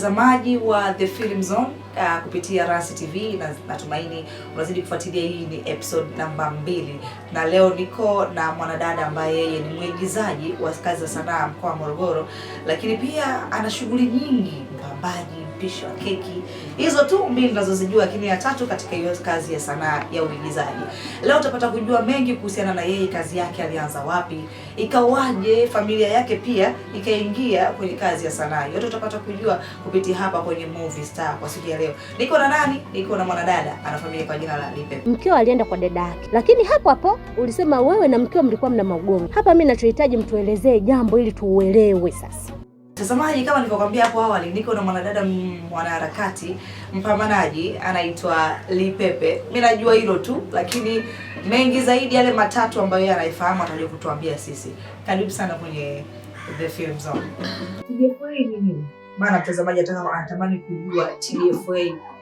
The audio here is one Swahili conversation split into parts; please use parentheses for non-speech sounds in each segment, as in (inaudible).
mtazamaji wa The Film Zone uh, kupitia Rasi TV na natumaini unazidi kufuatilia. Hii ni episode namba mbili, na leo niko na mwanadada ambaye yeye ni mwigizaji wa kazi za sanaa mkoa wa Morogoro, lakini pia ana shughuli nyingi, mpambaji, mpishi wa keki Hizo tu mbili ninazozijua, lakini ya tatu katika hiyo kazi ya sanaa ya uigizaji. Leo utapata kujua mengi kuhusiana na yeye, kazi yake alianza wapi, ikawaje, familia yake pia ikaingia kwenye kazi ya sanaa. Yote utapata kujua kupitia hapa kwenye Movie Star kwa siku ya leo. Niko na nani? Niko na mwanadada anafamilia kwa jina la Lipe. Mkeo alienda kwa dada yake, lakini hapo hapo ulisema wewe na mkeo mlikuwa mna maugomvi. Hapa mimi ninachohitaji mtuelezee jambo ili tuuelewe sasa. Mtazamaji, kama nilivyokuambia hapo awali, niko na mwanadada mwanaharakati mpambanaji anaitwa Lipepe. Mimi najua hilo tu, lakini mengi zaidi yale matatu ambayo yeye anaifahamu atakuja kutuambia sisi. Karibu sana kwenye The Film Zone. TDFA ni nini? Maana mtazamaji anatamani kujua TFA,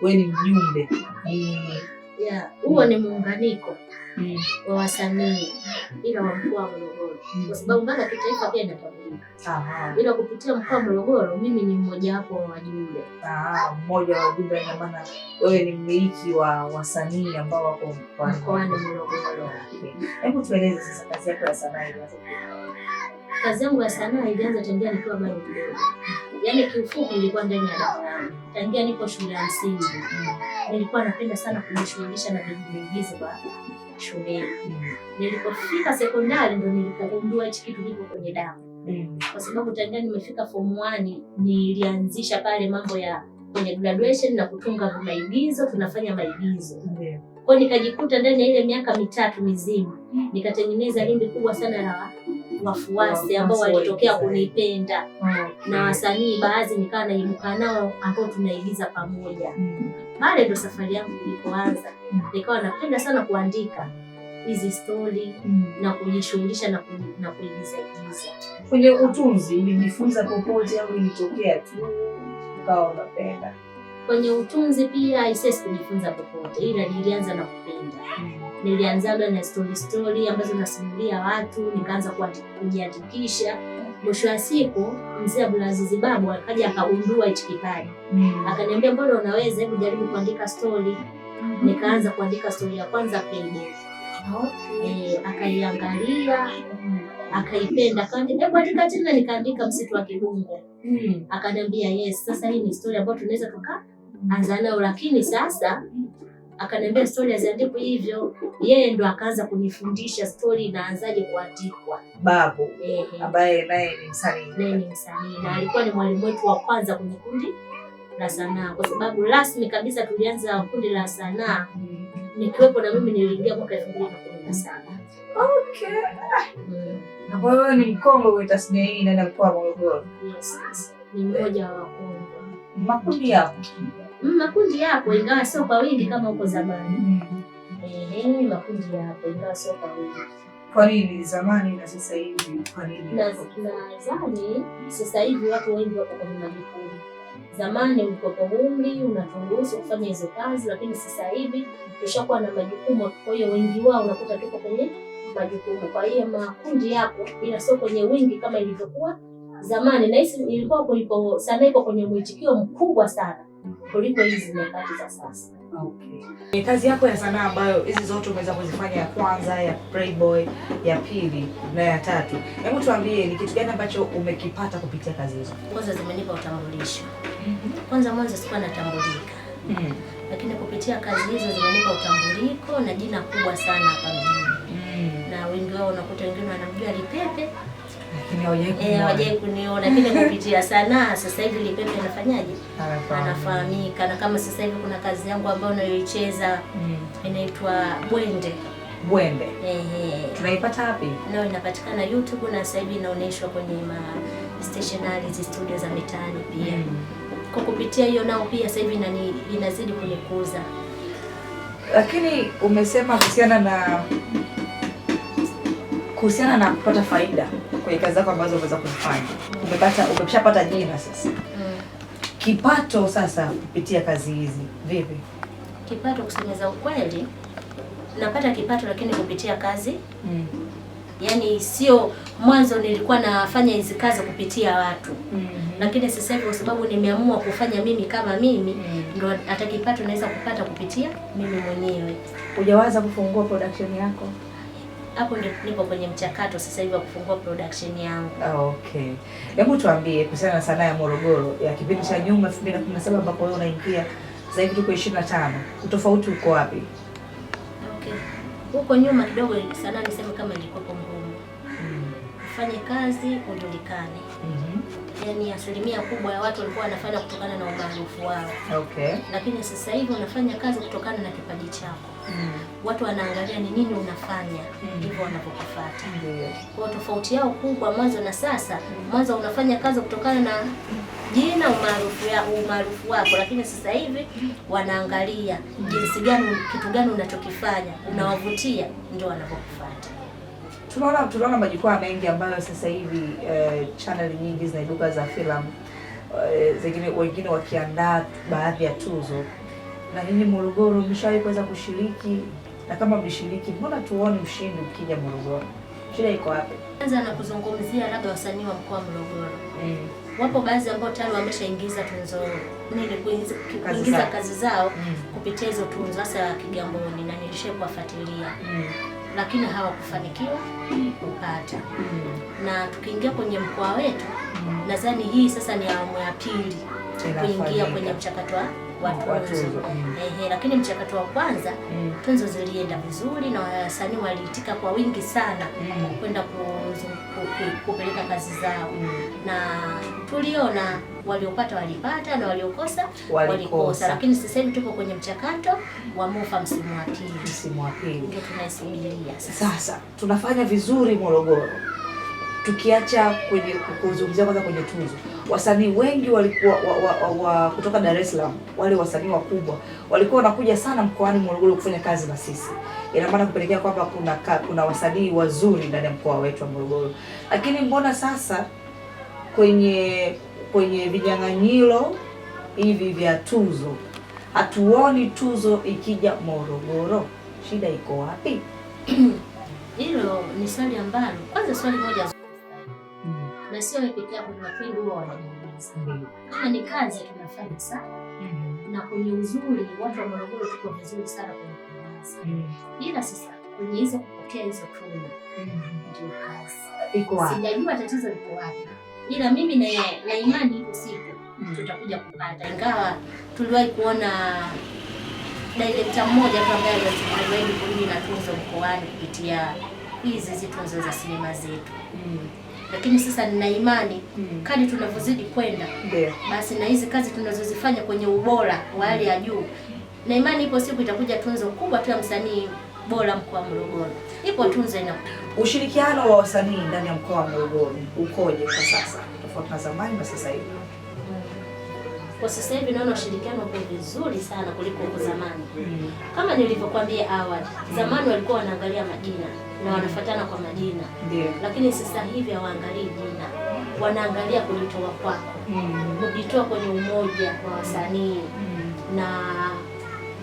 wewe ni mjumbe. Huo ni muunganiko mm. wa wasanii ila wa mkoa wa Morogoro mm. kwa sababu mpaka kitaifa pia inatambulika, ila kupitia mkoa wa Morogoro mimi ni mmoja wapo wa wajumbe, ah, mmoja wa wajumbe. Ina maana wewe ni mmiliki wa wasanii ambao wako mkoani Morogoro. Hebu tueleze sasa kazi yako ya sanaa ilianza? Kazi yangu ya sanaa ilianza tangia nikiwa bado mdogo, yaani kiufupi nilikuwa ndani ya darasa tangia niko shule ya msingi. Mm. Nilikuwa napenda sana kujishughulisha na vitu viigizo shuleni. Mm. Nilipofika sekondari ndo nilipogundua hichi kitu kiko kwenye damu, mm. kwa sababu tangia nimefika form 1 nilianzisha pale mambo ya kwenye graduation na kutunga maigizo, tunafanya maigizo kwa nikajikuta ndani ya ile miaka mitatu mizima mm. nikatengeneza limbi kubwa sana la wafuasi ambao walitokea kunipenda mm. na wasanii baadhi nikawa naibuka nao ambao tunaigiza pamoja mm. pale ndo safari yangu ilipoanza mm. nikawa napenda sana kuandika hizi stori na kujishughulisha na, kuigizaigiza Kwenye utunzi ulijifunza popote au ilitokea tu ukawa unapenda? kwenye utunzi pia ICS kujifunza popote, ila nilianza na kupenda. Nilianzaga na story story ambazo nasimulia watu, nikaanza kujiandikisha. Mwisho wa siku mzee Abdulaziz Babu akaja akagundua hichi kipaji mm. Akaniambia, mbona unaweza, hebu jaribu kuandika story mm. Nikaanza kuandika story ya kwanza Playboy. Okay. E, akaiangalia akaipenda, akaniambia hebu andika tena, nikaandika msitu wa Kibungo mm. Akaniambia yes, sasa hii ni story ambayo tunaweza tuka anza nao, lakini sasa akaniambia stori haziandikwi hivyo. Yeye ndo akaanza kunifundisha stori inaanzaje kuandikwa. Babu ambaye naye ni msanii, naye ni msanii na alikuwa ni mwalimu wetu wa kwanza kwenye kundi la sanaa, kwa sababu rasmi kabisa tulianza kundi la sanaa nikiwepo na mimi, niliingia mwaka elfu mbili na kumi na saba. Okay. Ah. Mm. Na kwa hiyo ni mkongwe kwa tasnia hii ndani mkoa wa Morogoro? Yes, ni mmoja wa wakongwe. Makundi yapo Mm, makundi yako ingawa sio kwa wingi kama huko zamani. Mm. Ehe, makundi yako ingawa sio kwa wingi. Kwa nini zamani na sasa hivi? Kwa nini? Na zamani sasa hivi watu wengi wako kwenye majukumu. Zamani ulikuwa kwa umri unatungusu kufanya hizo kazi, lakini sasa hivi tushakuwa na majukumu, kwa hiyo wengi wao unakuta tuko kwenye majukumu. Kwa hiyo makundi yako ila sio kwenye wingi kama ilivyokuwa zamani, na hisi ilikuwa kulipo sana, iko kwenye mwitikio mkubwa sana kuliko hizi nyakati za sasa. Okay. Kazi yako ya sanaa ambayo hizi zote umeweza kuzifanya, ya kwanza ya Playboy, ya pili na ya tatu, hebu tuambie ni kitu gani ambacho umekipata kupitia kazi hizo? Kwanza zimenipa utambulisho. mm -hmm. Kwanza mwanzo sikuwa natambulika. mm -hmm. Lakini kupitia kazi hizo zimenipa utambuliko na jina kubwa sana hapa mjini. mm -hmm. Na wengi wao unakuta wengine wanamjua Lipepe hawajai eh, kuniona mimi kupitia sanaa. Sasa hivi Lipepe anafanyaje, anafahamika na kama sasa hivi kuna kazi yangu ambayo unayoicheza mm. inaitwa Bwende Bwende. Ehe, tunaipata wapi? Nao inapatikana YouTube na sasa hivi inaonyeshwa kwenye ma stationary studio za mitaani pia mm. kwa kupitia hiyo nao pia sasa hivi inazidi kunikuza, lakini umesema kuhusiana na kuhusiana na kupata faida kwenye kazi zako ambazo unaweza kufanya, umepata umeshapata jina sasa mm. kipato sasa kupitia kazi hizi vipi? Kipato kusemeza ukweli, napata kipato lakini kupitia kazi mm. Yaani sio mwanzo nilikuwa nafanya hizi kazi kupitia watu mm -hmm. Lakini sasa hivi kwa sababu nimeamua kufanya mimi kama mimi mm Ndo hata kipato naweza kupata kupitia mimi mwenyewe. Hujawaza kufungua production yako? hapo ndio nipo kwenye mchakato sasa hivi wa kufungua production yangu. Ah, okay, hebu tuambie kuhusiana na sanaa ya Morogoro ya kipindi cha nyuma 2017 ambapo wewe unaingia sasa hivi tuko 25, utofauti uko wapi? Okay, huko nyuma kidogo sanaa nisema kama ilikuwa ngumu, mm. ufanye kazi ujulikane, mm -hmm yani asilimia kubwa ya watu walikuwa wanafanya kutokana na umaarufu wao. Okay. Lakini sasa hivi unafanya kazi kutokana na kipaji chako. Mm. Watu wanaangalia ni nini unafanya mm. ndivyo mm. wanapokufuata. Yeah. Kwa tofauti yao kubwa mwanzo na sasa, mm. mwanzo unafanya kazi kutokana na jina umaarufu ya umaarufu wako, lakini sasa hivi wanaangalia mm. jinsi gani, kitu gani unachokifanya unawavutia, ndio wanapokufuata tunaona tunaona majukwaa mengi ambayo sasa hivi eh, channel nyingi zinaibuka za filamu eh, zingine wengine wakiandaa baadhi ya tuzo, na nyinyi Morogoro mlishawahi kuweza kushiriki, na kama mlishiriki, mbona tuone mshindi ukija Morogoro? Shida iko wapi? Kwanza na kuzungumzia labda wasanii wa mkoa wa Morogoro mm. Wapo baadhi ambao tayari wameshaingiza tuzo nini kuingiza kazi, kazi zao mm. kupitia hizo tuzo hasa Kigamboni na kuwafuatilia mm lakini hawakufanikiwa kupata. Mm. Na tukiingia kwenye mkoa wetu, mm. nadhani hii sasa ni awamu ya pili kuingia kwenye mchakato wa watu, ehe, lakini mchakato wa kwanza mm. tunzo zilienda vizuri na wasanii waliitika kwa wingi sana mm. kwenda kupeleka kazi zao mm. na tuliona waliopata walipata na waliokosa walikosa, lakini sasa hivi tuko kwenye mchakato wa MUFA msimu wa pili, msimu wa pili ndio tunaisubiria sasa. Sasa tunafanya vizuri Morogoro, tukiacha kwenye kuzungumzia kwanza kwenye tunzo wasanii wengi walikuwa wa, wa, wa, wa, kutoka Dar es Salaam, wale wasanii wakubwa walikuwa wanakuja sana mkoani Morogoro kufanya kazi na sisi. Ina maana kupelekea kwamba kuna kuna wasanii wazuri ndani ya mkoa wetu wa Morogoro, lakini mbona sasa kwenye kwenye vinyang'anyiro hivi vya tuzo hatuoni tuzo ikija Morogoro, shida iko wapi? (clears throat) Hilo ni swali ambalo kwanza, swali moja na sio wewe peke yako, ni wapendo huwa wanajiuliza mm-hmm. kama ni kazi tunafanya sana mm-hmm. na kwenye uzuri watu wa Morogoro tuko vizuri sana kwenye kazi, mm-hmm. ila sasa kwenye hizo kupokea hizo tuna ndio kazi. Sijajua tatizo liko wapi, ila mimi na na imani iko siku tutakuja kupata, ingawa tuliwahi kuona direkta mmoja tu ambaye aliwahi kurudi na tuzo mkoani kupitia hizi hizi tuzo za sinema zetu lakini sasa nina imani mm. kadi tunavyozidi kwenda yeah. basi na hizi kazi tunazozifanya kwenye ubora wa hali ya juu, na imani ipo siku itakuja tunzo kubwa tu ya msanii bora mkoa wa Morogoro. Ipo tunzo ina. Ushirikiano wa wasanii ndani ya mkoa wa Morogoro ukoje kwa sasa, tofauti na zamani na sasa hivi? Kwa sasa hivi naona ushirikiano uko vizuri sana kuliko huko zamani. Mm. Kama nilivyokuambia awali, zamani walikuwa wanaangalia majina na wanafuatana kwa majina, lakini sasa hivi hawaangalii jina, wanaangalia kujitoa kwako, mm. kujitoa kwenye umoja wa wasanii mm. na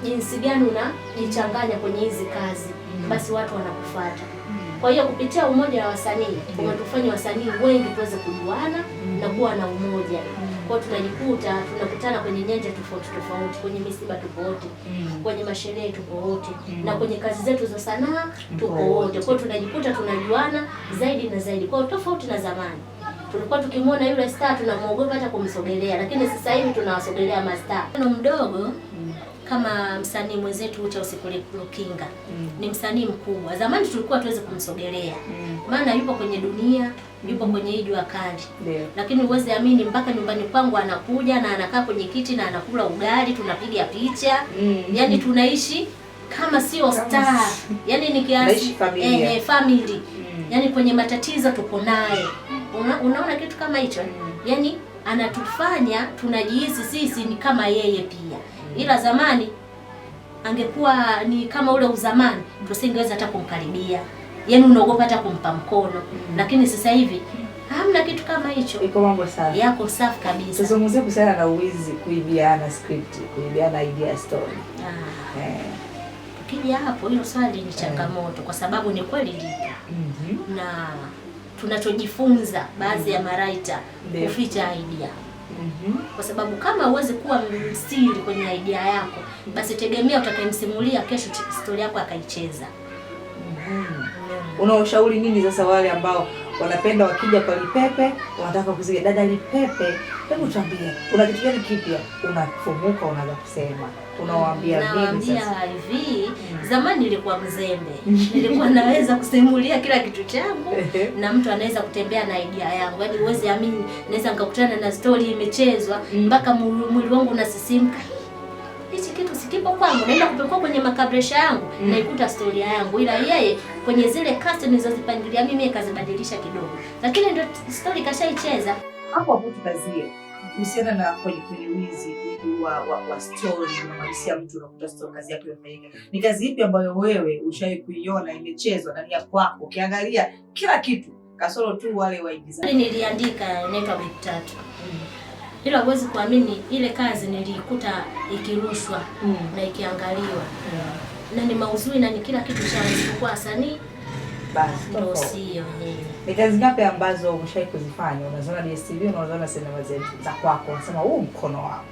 jinsi gani unajichanganya kwenye hizi kazi, basi watu wanakufuata. Kwa hiyo kupitia umoja wa wasanii umetufanya wasanii wengi tuweze kujuana na kuwa na umoja. Kwa tunajikuta tunakutana kwenye nyanja tofauti tofauti, kwenye misiba tuko wote mm. kwenye masherehe tuko wote mm. na kwenye kazi zetu za sanaa tuko wote. Kwa tunajikuta tunajuana zaidi na zaidi, kwa tofauti na zamani tulikuwa tukimwona yule star tunamuogopa hata kumsogelea, lakini sasa hivi tunawasogelea mastaa mdogo kama msanii mwenzetu Ucha Usikulipinga mm. ni msanii mkubwa. Zamani tulikuwa tuweze kumsogelea mm. maana yupo kwenye dunia, yupo mm. kwenye hii jua kali yeah. Lakini uweze amini, mpaka nyumbani kwangu anakuja na anakaa kwenye kiti na anakula ugali, tunapiga picha mm. yani tunaishi kama sio star, yani ni kiasi eh, family mm. yani kwenye matatizo tuko naye una, unaona kitu kama hicho mm. yani anatufanya tunajihisi sisi ni kama yeye pia ila zamani angekuwa ni kama ule uzamani, tusingeweza hata kumkaribia, yaani unaogopa hata kumpa mkono mm. Lakini sasa hivi hamna kitu kama hicho, iko mambo safi, yako safi kabisa. Tuzungumzie kuhusiana na uwizi, kuibiana script, kuibiana idea story. Ah. Eh. Tukija hapo, hilo swali ni eh. changamoto kwa sababu ni kweli lipo mm -hmm. na tunachojifunza baadhi mm -hmm. ya mm-hmm. maraita kuficha idea Mhm. Kwa sababu kama huwezi kuwa msiri kwenye idea yako, basi tegemea utakayemsimulia kesho stori yako akaicheza. mm -hmm. mm nini sasa wale ambao wanapenda wakija kwa Lipepe wanataka kuziga dada Lipepe Hebu tuambie una kitu gani kipya unafumuka, unaweza kusema, unawaambia vipi sasa hivi? Hmm. Zamani nilikuwa mzembe, (laughs) nilikuwa naweza kusimulia kila kitu changu na mtu anaweza kutembea na idea yangu, yaani uweze amini, naweza nikakutana na story imechezwa hmm. mpaka mwili wangu unasisimka hichi kitu sikipo kwangu, naenda kupekua kwenye makabresha yangu mm. naikuta historia yangu, ila yeye kwenye zile cast nilizozipangilia mimi akazibadilisha kidogo, lakini ndio story kashaicheza hapo hapo tukazie kuhusiana na kwenye kwenye wizi wa, wa, wa stori unamwalisia mtu unakuta story kazi yake imefanyika. Ni kazi ipi ambayo wewe ushawahi kuiona imechezwa ndani ya kwako, ukiangalia kila kitu kasoro tu wale waigizaji? Niliandika inaitwa Beki Tatu hilo mm. Huwezi kuamini ile kazi nilikuta ikirushwa mm. na ikiangaliwa mm. na ni mauzuri na ni kila kitu cha kwa sanii. basi ndio sio eh. Ni kazi ngapi ambazo umeshawahi kuzifanya, unaziona DSTV, unaziona sinema za kwako, unasema huu mkono wako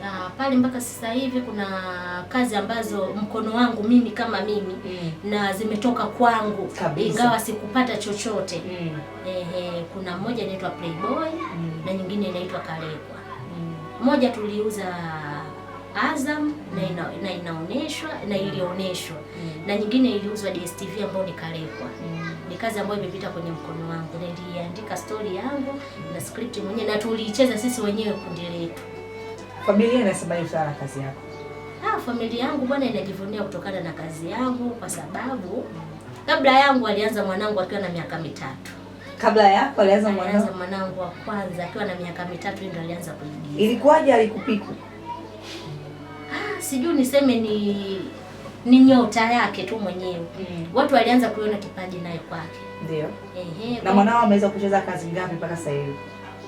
Uh, ah, pale mpaka sasa hivi kuna kazi ambazo mkono wangu mimi kama mimi mm. na zimetoka kwangu ingawa sikupata chochote mm. eh, kuna mmoja inaitwa Playboy mm. na nyingine inaitwa Kalekwa mm. moja tuliuza Azam na mm. ina, na inaoneshwa na mm. ilioneshwa mm. na nyingine iliuzwa DSTV ambayo ni Kalekwa mm ni kazi ambayo imepita kwenye mkono wangu. Niliandika stori yangu na script mwenyewe na tuliicheza sisi wenyewe kundi letu. Familia inasemaje sana kazi yako? Ah, familia yangu bwana inajivunia kutokana na kazi yangu kwa sababu kabla yangu alianza mwanangu akiwa na miaka mitatu. Kabla yako alianza mwanangu, mwanangu wa kwanza akiwa na miaka mitatu ndio alianza kuigiza. Ilikuwaje alikupika? Ah, sijui niseme ni ni nyota yake tu mwenyewe mm. Watu walianza kuiona kipaji naye kwake, ndio ehe. Na mwanao ameweza kucheza kazi ngapi mpaka sasa hivi?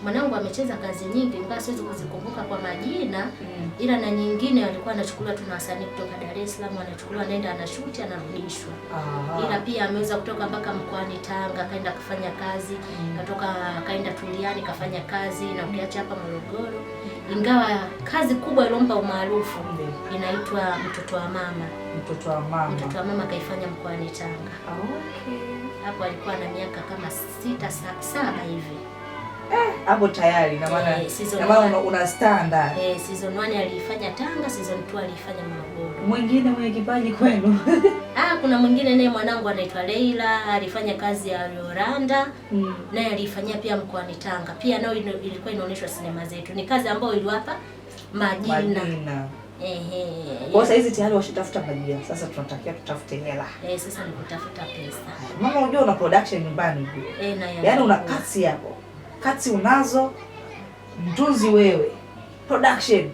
Mwanangu amecheza kazi nyingi, ingawa siwezi kuzikumbuka kwa majina mm. ila na nyingine alikuwa anachukuliwa, tuna wasanii kutoka Dar es Salaam anachukuliwa, anaenda anashuti, anarudishwa. Ila pia ameweza kutoka mpaka mkoani Tanga, kaenda kufanya kazi mm. katoka, kaenda Tuliani kafanya kazi, na ukiacha hapa Morogoro ingawa kazi kubwa ilompa umaarufu inaitwa mtoto wa mama. Mtoto wa mama, mtoto wa mama kaifanya mkoani Tanga. Ah, okay, hapo alikuwa na miaka kama sita saba hivi hapo eh, tayari na maana eh, na maana una star ndani. Eh, season 1 alifanya Tanga, season 2 alifanya Morogoro. Mwingine mwenye kipaji kwenu? (laughs) Ah, kuna mwingine naye mwanangu anaitwa Leila, alifanya kazi ya Rwanda mm. naye alifanyia pia mkoani Tanga. Pia nao ino, ilikuwa inaonyeshwa sinema zetu. Ni kazi ambayo iliwapa majina. majina. Ehe. Kwa sasa hizi tayari washatafuta majina. Sasa tunatakiwa tutafute hela. Eh, sasa ni kutafuta pesa. Mama unajua una production nyumbani. Eh, na ya. Yaani una kazi yako kati unazo, mtunzi wewe, production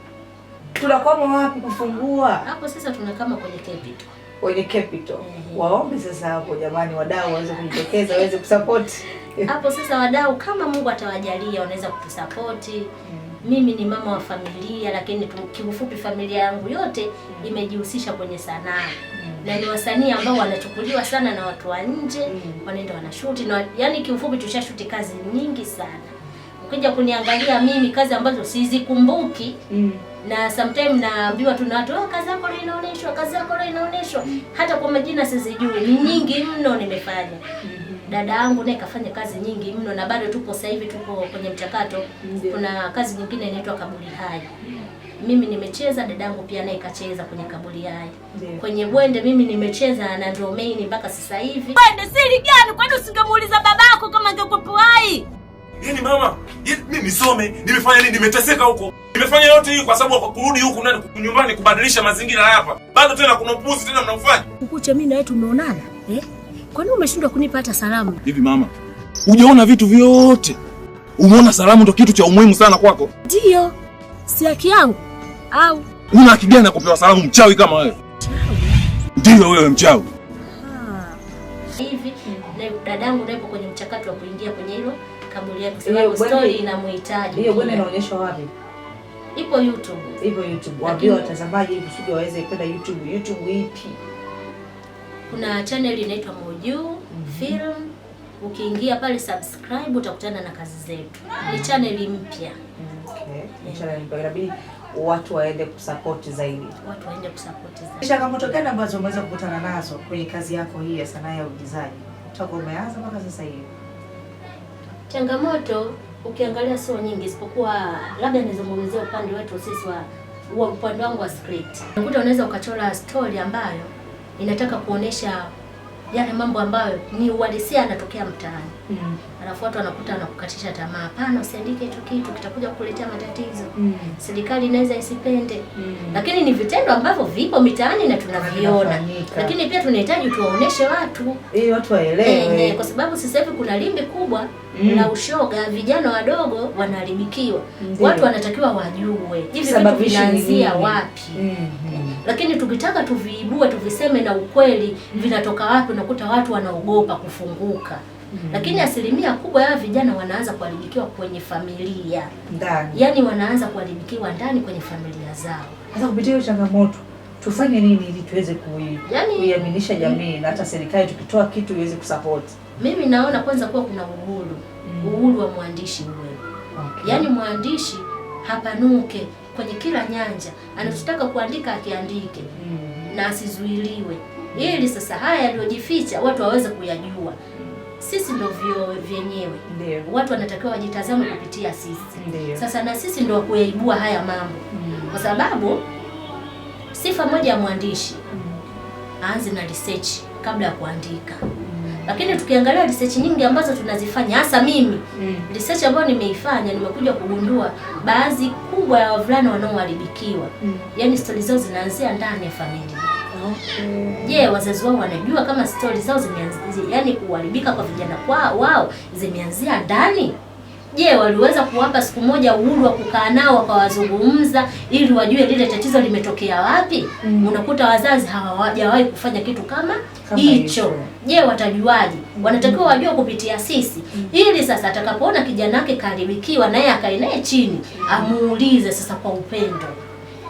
tunakwama wapi kufungua hapo? Sasa tunakama kwenye capital, kwenye capital mm -hmm. Waombe sasa hapo, jamani, wadau waweze kujitokeza waweze kusapoti (laughs) hapo sasa. Wadau kama Mungu atawajalia wanaweza kutusapoti mm. Mimi ni mama wa familia, lakini kiufupi familia yangu yote mhm. imejihusisha kwenye sanaa na ni wasanii ambao wanachukuliwa sana na watu wa nje mm. wanaenda wanashuti na yani, kiufupi tushashuti kazi nyingi sana. Ukija kuniangalia mimi kazi ambazo sizikumbuki mm. na sometimes naambiwa tu na watu oh, kazi yako leo inaonyeshwa, kazi yako leo inaonyeshwa, mm. hata kwa majina sizijui, ni nyingi mno nimefanya mm-hmm. Dada yangu naye kafanya kazi nyingi mno na bado tupo sasa hivi tuko kwenye mchakato. Kuna kazi nyingine inaitwa Kaburi Hai. Mm mimi nimecheza, dadangu pia naye kacheza kwenye kaburi yaye yeah. Kwenye bwende mimi nimecheza na ndio main mpaka sasa hivi. Bwende siri gani? Kwani usingemuuliza babako kama angekuwepo hai? Yaani mama, yaani mimi nisome, nimefanya nini? Nimeteseka huko. Nimefanya yote hii kwa sababu kwa kurudi huku ndani nyumbani kubadilisha mazingira hapa. Bado tena kuna upuzi tena mnaufanya. Kukucha mimi na wewe tumeonana, eh? Kwani umeshindwa kunipa hata salamu? Hivi mama, Ujaona vitu vyote? Umeona salamu ndio kitu cha umuhimu sana kwako? Ndio. Si haki yangu au una haki gani ya kupewa salamu? Mchawi kama wewe Ndio wewe mchawi. Hivi dadangu napo kwenye mchakato wa kuingia kwenye hilo kaburi yake, sababu story inamhitaji hiyo. Bwana inaonyeshwa wapi? Ipo YouTube, ipo YouTube. Wapi watazamaji ili kusudi waweze kwenda YouTube. YouTube ipi? Kuna channel inaitwa Moju mm -hmm. Film. Ukiingia pale subscribe, utakutana na kazi zetu. Ni channel mpya. Mm, okay. Ni eh. channel mpya watu waende kusapoti zaidi, watu waende kusapoti zaidi. Changamoto gani ambazo umeweza kukutana nazo kwenye kazi yako hii ya sanaa ya uigizaji toka umeanza mpaka sasa hivi? Changamoto ukiangalia sio nyingi, isipokuwa labda nizungumzie upande wetu sisi wa upande wangu wa script, unakuta unaweza ukachora story ambayo inataka kuonesha yale mambo ambayo ni uhalisia yanatokea mtaani mm. alafu watu wanakuta wanakukatisha tamaa. Hapana, usiandike hicho kitu, kitakuja kukuletea matatizo mm. serikali inaweza isipende mm. lakini ni vitendo ambavyo vipo mitaani na tunaviona, lakini pia tunahitaji tuwaoneshe watu eh, watu waelewe, kwa sababu sasa hivi kuna limbi kubwa mm. la ushoga, vijana wadogo wanaharibikiwa. Watu wanatakiwa wajue hivi vitu vinaanzia wapi mm lakini tukitaka tuviibue tuviseme na ukweli, mm. vinatoka wapi, unakuta watu wanaogopa kufunguka. Mhm. Lakini asilimia kubwa ya vijana wanaanza kuharibikiwa kwenye familia ndani, yaani wanaanza kuharibikiwa ndani kwenye familia zao. Sasa kupitia hiyo changamoto tufanye nini ili tuweze yaani- kuiaminisha yani, jamii mm. na hata serikali tukitoa kitu iweze kusupport? Mimi naona kwanza kuwa kuna uhuru mm. uhuru wa mwandishi uwe okay. Yaani mwandishi hapanuke kwenye kila nyanja anachotaka kuandika akiandike mm. na asizuiliwe, ili sasa haya yaliyojificha watu waweze kuyajua sisi ndo vio vyenyewe. Ndio. Watu wanatakiwa wajitazame kupitia sisi. Ndio. Sasa na sisi ndo kuyaibua haya mambo mm. kwa sababu sifa moja ya mwandishi mm. aanze na research kabla ya kuandika mm. lakini tukiangalia research nyingi ambazo tunazifanya hasa mimi mm. research ambayo nimeifanya nimekuja kugundua baadhi kubwa ya wavulana wanaoharibikiwa mm. yaani stori zao zinaanzia ndani ya familia Eh, je, okay. Wazazi wao wanajua kama stori zao zimeanzia, yani kuharibika kwa vijana kwao wao zimeanzia ndani? Je, waliweza kuwapa siku moja uhuru wa kukaa nao wakawazungumza ili wajue lile tatizo limetokea wapi? Mm. Unakuta wazazi hawajawahi kufanya kitu kama hicho. Je, watajuaje? Mm. Wanatakiwa wajue kupitia sisi mm. ili sasa atakapoona kijana wake karibikiwa naye akae naye chini mm. amuulize sasa kwa upendo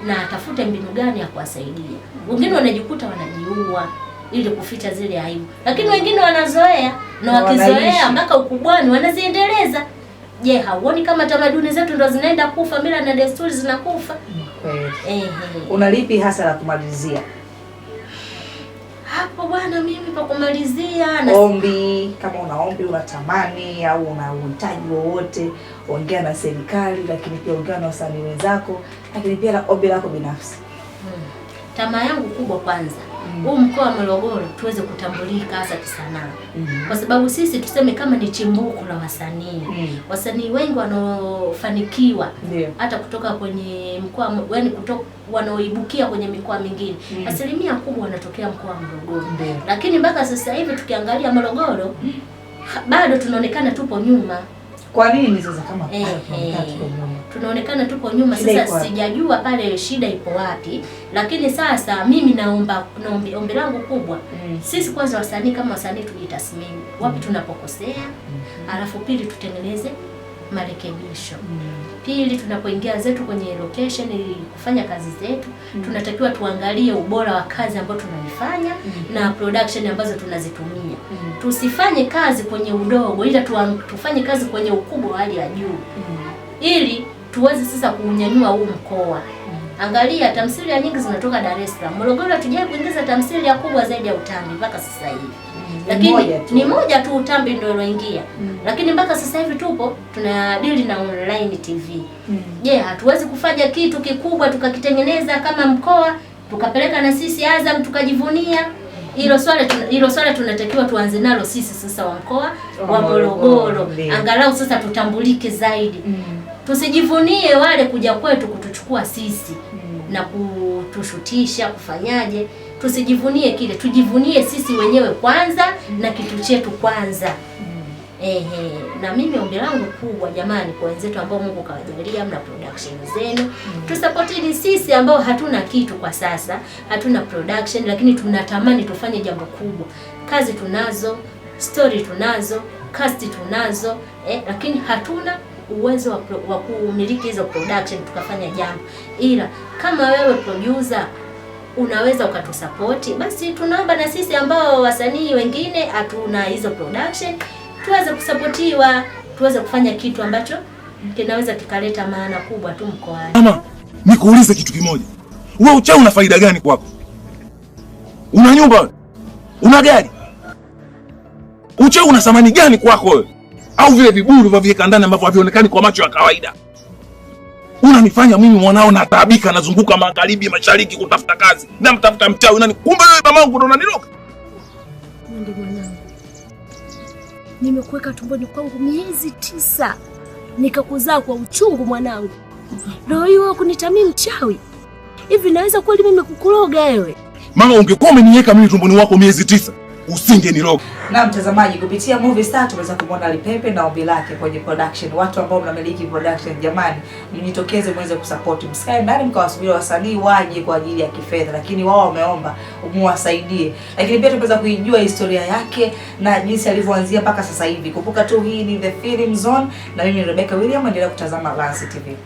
na atafute mbinu gani ya kuwasaidia wengine wanajikuta wanajiua ili kuficha zile aibu, lakini wengine wanazoea na wakizoea mpaka ukubwani wanaziendeleza. Je, hauoni kama tamaduni zetu ndo zinaenda kufa, mila na desturi zinakufa? Eh, unalipi hasa la kumalizia hapo bwana? Mimi pa kumalizia na ombi, kama una ombi unatamani au una uhitaji wowote, ongea na serikali, lakini pia ongea na wasanii wenzako, lakini pia ombi lako binafsi tamaa yangu kubwa kwanza mm. huu mkoa wa Morogoro tuweze kutambulika hasa kisanaa mm Kwa sababu sisi tuseme kama ni chimbuko la wasanii mm Wasanii wengi wanaofanikiwa yeah. Hata kutoka kwenye mkoa yani kutoka wanaoibukia kwenye mikoa mingine mm Asilimia kubwa wanatokea mkoa wa Morogoro mm Lakini mpaka sasa hivi tukiangalia Morogoro mm Bado tunaonekana tupo nyuma kwa nini sasa kama eh, eh. tunaonekana tuko nyuma sasa, sijajua pale shida ipo wapi, lakini sasa mimi naomba naombe, ombi langu kubwa mm. Sisi kwanza wasanii kama wasanii tujitathmini wapi mm. tunapokosea mm -hmm. Alafu pili tutengeneze marekebisho mm. Pili, tunapoingia zetu kwenye location ili kufanya kazi zetu mm. tunatakiwa tuangalie ubora wa kazi ambayo tunaifanya mm. na production ambazo tunazitumia mm. Tusifanye kazi kwenye udogo, ila tufanye kazi kwenye ukubwa wa hali ya juu mm. ili tuweze sasa kuunyanyua huu mkoa mm. Angalia, tamthilia nyingi zinatoka Dar es Salaam. Morogoro hatujawahi kuingiza tamthilia kubwa zaidi ya Utambi mpaka sasa hivi lakini ni moja tu utambi ndio iloingia mm. Lakini mpaka sasa hivi tupo tuna dili na online TV mm. je, mm. yeah, hatuwezi kufanya kitu kikubwa tukakitengeneza kama mkoa tukapeleka na sisi Azam tukajivunia hilo swala hilo swala tunatakiwa tuanze nalo sisi sasa wa mkoa wa Morogoro, angalau sasa tutambulike zaidi mm. tusijivunie wale kuja kwetu kutuchukua sisi mm. na kutushutisha kufanyaje tusijivunie kile, tujivunie sisi wenyewe kwanza mm. na kitu chetu kwanza. Mm. Ehe, na mimi ombi langu kubwa jamani, kwa wenzetu ambao Mungu kawajalia mna production zenu mm. Tusapotini sisi ambao hatuna kitu kwa sasa, hatuna production, lakini tunatamani tufanye jambo kubwa. Kazi tunazo, story tunazo, cast tunazo eh, lakini hatuna uwezo wa, wa kumiliki hizo production tukafanya jambo, ila kama wewe producer unaweza ukatusapoti, basi tunaomba na sisi ambao wasanii wengine hatuna hizo production tuweze kusapotiwa, tuweze kufanya kitu ambacho kinaweza kikaleta maana kubwa tu mkoani. Mama, nikuulize kitu kimoja, wewe uchawi una faida gani kwako? Una nyumba, una gari, uchawi una thamani gani kwako wewe? Au vile viburu vya vile ndani ambavyo havionekani kwa macho ya kawaida? unanifanya mimi mwanao nataabika, nazunguka magharibi, mashariki kutafuta kazi, namtafuta mchawi, nani? kumbe wewe mamangu ndo unaniloka. Mwende mwanangu, nimekuweka tumboni kwangu miezi tisa, nikakuzaa kwa uchungu mwanangu, ndo hiyo kunitamii mchawi hivi? Naweza kweli mimi kukuloga wewe? Mama, ungekuwa umeniweka mimi tumboni wako miezi tisa usinde nirogo. Na mtazamaji, kupitia Movie Star tumeweza kumwona Lipepe na ombi lake kwenye production. Watu ambao mnamiliki production, jamani, mjitokeze muweze kusupport, msikae ndani mkawasubiri wasanii waje kwa ajili ya kifedha, lakini wao wameomba muwasaidie. Lakini pia tumeweza kuijua historia yake na jinsi alivyoanzia mpaka sasa hivi. Kumbuka tu hii ni The Film Zone na mimi ni Rebecca William, endelea kutazama Lansi TV.